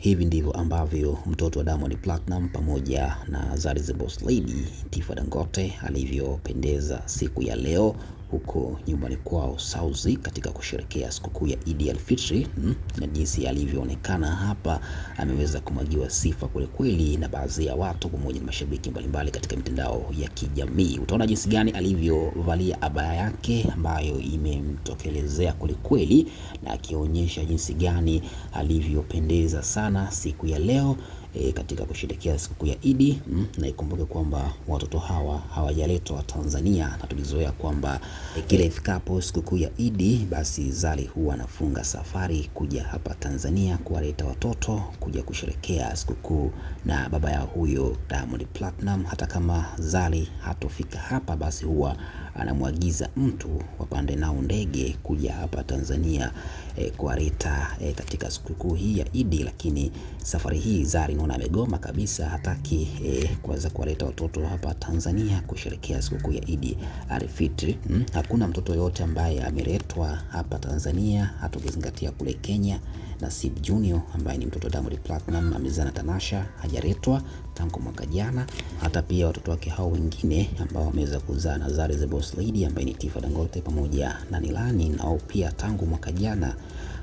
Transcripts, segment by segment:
Hivi ndivyo ambavyo mtoto wa Diamond Platinum pamoja na Zari Boss Lady Tifa Dangote alivyopendeza siku ya leo huko nyumbani kwao Sauzi katika kusherekea sikukuu ya Idi Alfitri hmm, na jinsi alivyoonekana hapa ameweza kumwagiwa sifa kwelikweli na baadhi ya watu pamoja na mashabiki mbalimbali katika mitandao ya kijamii. Utaona jinsi gani alivyovalia abaya yake ambayo imemtokelezea kwelikweli na akionyesha jinsi gani alivyopendeza sana siku ya leo e, katika kusherehekea sikukuu ya Idi mm, na ikumbuke kwamba watoto hawa hawajaletwa Tanzania, na tulizoea kwamba e, kila ifikapo sikukuu ya Idi basi Zari huwa anafunga safari kuja hapa Tanzania kuwaleta watoto kuja kusherehekea sikukuu na baba ya huyo Diamond Platinum. Hata kama Zari hatofika hapa, basi huwa anamwagiza mtu wapande nao ndege kuja hapa Tanzania e, Rita e, katika sikukuu hii ya Idi. Lakini safari hii Zari naona amegoma kabisa, hataki e, kuweza kuwaleta watoto hapa Tanzania kusherekea sikukuu ya Idi Alfitri. Hmm, hakuna mtoto yoyote ambaye ameletwa hapa Tanzania, hatukuzingatia kule Kenya Nasib Junior ambaye ni mtoto wa Diamond Platinum amezaa na Tanasha, hajaretwa tangu mwaka jana. Hata pia watoto wake hao wengine ambao wameweza kuzaa, Zari the Boss Lady ambaye ni Tifa Dangote pamoja na Nilani, nao pia tangu mwaka jana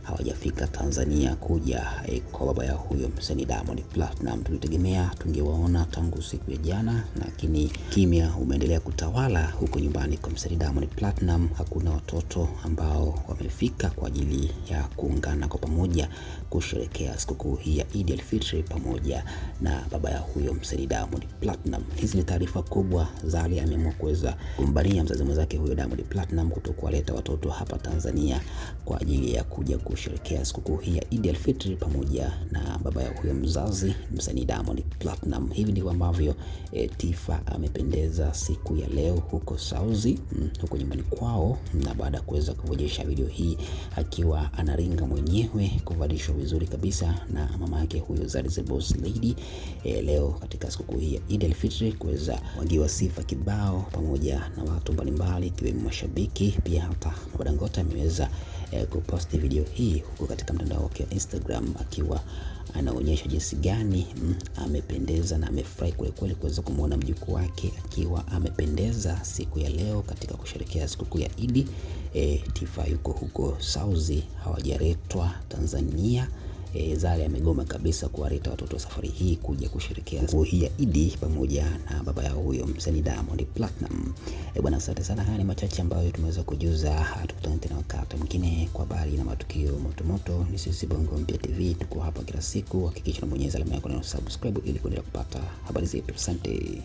hawajafika Tanzania kuja e, kwa baba ya huyo msanii Diamond Platinum. Tulitegemea tungewaona tangu siku ya jana, lakini kimya umeendelea kutawala huko nyumbani kwa msanii Diamond Platinum. Hakuna watoto ambao wamefika kwa ajili ya kuungana kwa pamoja kusherekea sikukuu hii ya Eid al-Fitr pamoja na baba ya huyo msanii Diamond Platinum. Hizi ni taarifa kubwa, Zari ameamua kuweza kumbalia mzazi mwenzake huyo Diamond Platinum kutokuwaleta watoto hapa Tanzania kwa ajili ya kuja ku kusherekea sikukuu hii ya Eid al-Fitr pamoja na baba ya huyo mzazi msanii Diamond Platinum. Hivi ndivyo ambavyo e, Tifa amependeza siku ya leo huko Saudi, mm, huko nyumbani kwao, na baada ya kuweza kuvojesha video hii akiwa anaringa mwenyewe kuvalishwa vizuri kabisa na mama yake huyo Zari Boss Lady e, leo katika sikukuu hii ya Eid al-Fitr kuweza kuwagiwa sifa kibao pamoja na watu mbalimbali ikiwemo mashabiki pia hata Baba Mwanadangote ameweza e, kuposti video hii hii huko katika mtandao wake wa Instagram akiwa anaonyesha jinsi gani mm, amependeza na amefurahi kwelikweli kuweza kumwona mjukuu wake akiwa amependeza siku ya leo katika kusherehekea sikukuu ya Idi. E, eh, Tifa yuko huko Saudi, hawajaretwa Tanzania e, Zari amegoma kabisa kuwaleta watoto safari hii kuja kusherekea siku hii ya Idi pamoja na baba yao huyo msanii Diamond Platinum. E, bwana, asante sana. Haya ni machache ambayo tumeweza kujuza. Tukutane tena wakati mwingine kwa habari na matukio motomoto. Ni sisi Bongo Mpya TV, tuko hapa kila siku. Hakikisha unabonyeza alama yako na subscribe ili kuendelea kupata habari zetu. Asante.